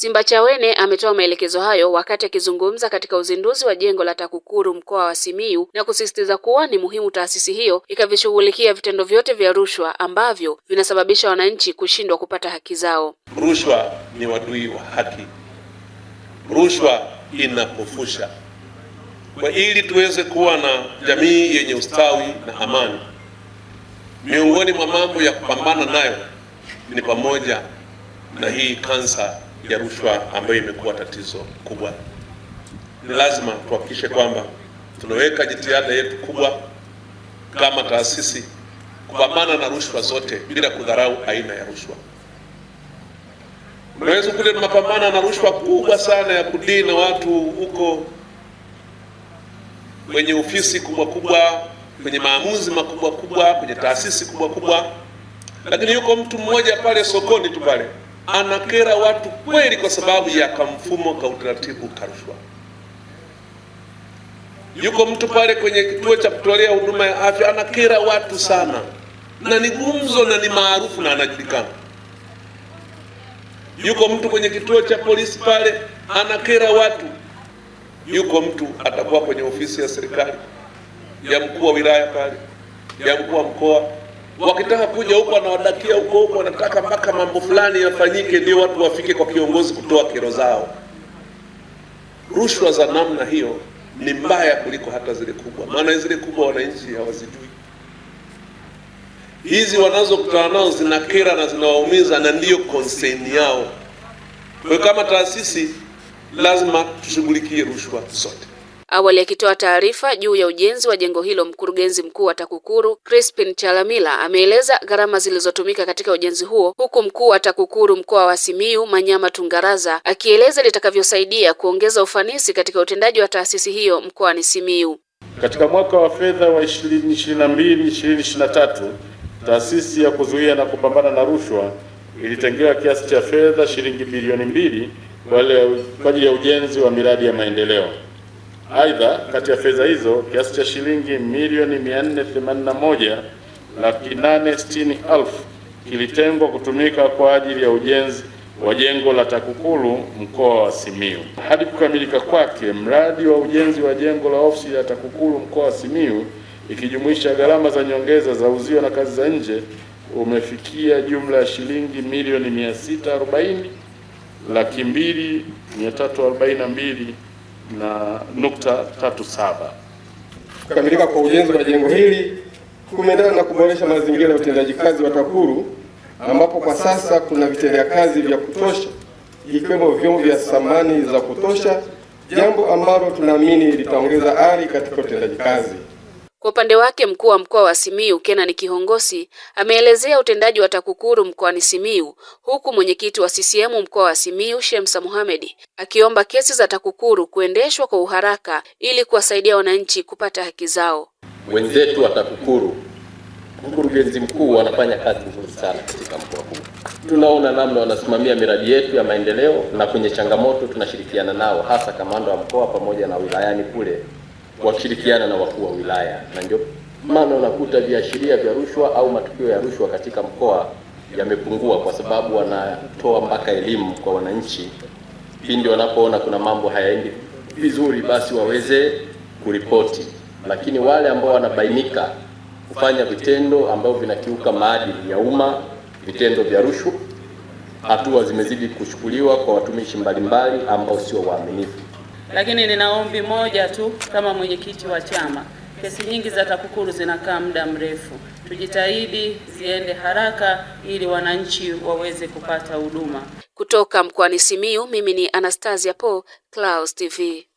simba chawene ametoa maelekezo hayo wakati akizungumza katika uzinduzi wa jengo la TAKUKURU mkoa wa Simiyu na kusisitiza kuwa ni muhimu taasisi hiyo ikavishughulikia vitendo vyote vya rushwa ambavyo vinasababisha wananchi kushindwa kupata haki zao. Rushwa ni wadui wa haki, rushwa inapofusha. Kwa ili tuweze kuwa na jamii yenye ustawi na amani, miongoni mwa mambo ya kupambana nayo ni pamoja na hii kansa ya rushwa ambayo imekuwa tatizo kubwa. Ni lazima tuhakikishe kwamba tunaweka jitihada yetu kubwa kama taasisi kupambana na rushwa zote bila kudharau aina ya rushwa. Unaweza kule mapambana na rushwa kubwa sana ya kudili na watu huko kwenye ofisi kubwa kubwa, kwenye maamuzi makubwa kubwa, kwenye taasisi kubwa kubwa, lakini yuko mtu mmoja pale sokoni tu pale anakera watu kweli, kwa sababu ya kamfumo ka utaratibu karushwa Yuko mtu pale kwenye kituo cha kutolea huduma ya afya anakera watu sana, na ni gumzo na ni maarufu na anajulikana. Yuko mtu kwenye kituo cha polisi pale anakera watu. Yuko mtu atakuwa kwenye ofisi ya serikali ya mkuu wa wilaya pale, ya mkuu wa mkoa wakitaka kuja huko wanawadakia huko huko, wanataka mpaka mambo fulani yafanyike ndio watu wafike kwa kiongozi kutoa kero zao. Rushwa za namna hiyo ni mbaya kuliko hata zile kubwa, maana zile kubwa wananchi hawazijui. Hizi wanazokutana nao zinakera na zinawaumiza na ndiyo konseni yao. Kwa hiyo kama taasisi lazima tushughulikie rushwa zote. Awali akitoa taarifa juu ya ujenzi wa jengo hilo, mkurugenzi mkuu wa TAKUKURU Crispin Chalamila ameeleza gharama zilizotumika katika ujenzi huo, huku mkuu wa TAKUKURU mkoa wa Simiyu Manyama Tungaraza akieleza litakavyosaidia kuongeza ufanisi katika utendaji wa taasisi hiyo mkoani Simiyu. Katika mwaka wa fedha wa 2022/2023 taasisi ya kuzuia na kupambana na rushwa ilitengewa kiasi cha fedha shilingi bilioni mbili kwa ajili ya ujenzi wa miradi ya maendeleo. Aidha, kati ya fedha hizo kiasi cha shilingi milioni 481 laki sitini elfu kilitengwa kutumika kwa ajili ya ujenzi wa jengo la TAKUKURU mkoa wa Simiyu. Hadi kukamilika kwake, mradi wa ujenzi wa jengo la ofisi ya TAKUKURU mkoa wa Simiyu ikijumuisha gharama za nyongeza za uzio na kazi za nje umefikia jumla ya shilingi milioni 640 laki mbili na nukta tatu saba. Kukamilika kwa ujenzi wa jengo hili kumeendana na kuboresha mazingira ya utendaji kazi wa TAKUKURU ambapo kwa sasa kuna vitendea kazi vya kutosha ikiwemo vyombo vya samani za kutosha, jambo ambalo tunaamini litaongeza ari katika utendaji kazi. Kwa upande wake mkuu wa mkoa wa Simiyu Kenani Kihongosi ameelezea utendaji wa TAKUKURU mkoani Simiyu, huku mwenyekiti wa CCM mkoa wa Simiyu Shemsa Mohamed akiomba kesi za TAKUKURU kuendeshwa kwa uharaka ili kuwasaidia wananchi kupata haki zao. Wenzetu wa TAKUKURU, mkurugenzi mkuu, wanafanya kazi nzuri sana katika mkoa huu. Tunaona namna wanasimamia miradi yetu ya maendeleo, na kwenye changamoto tunashirikiana nao, hasa kamanda wa mkoa pamoja na wilayani kule wakishirikiana na wakuu wa wilaya, na ndio maana unakuta viashiria vya rushwa au matukio ya rushwa katika mkoa yamepungua, kwa sababu wanatoa mpaka elimu kwa wananchi, pindi wanapoona kuna mambo hayaendi vizuri, basi waweze kuripoti. Lakini wale ambao wanabainika kufanya vitendo ambavyo vinakiuka maadili ya umma, vitendo vya rushwa, hatua zimezidi kuchukuliwa kwa watumishi mbalimbali ambao sio waaminifu lakini nina ombi moja tu kama mwenyekiti wa chama. Kesi nyingi za TAKUKURU zinakaa muda mrefu, tujitahidi ziende haraka ili wananchi waweze kupata huduma. Kutoka mkoani Simiyu, mimi ni Anastasia Po, Clouds TV.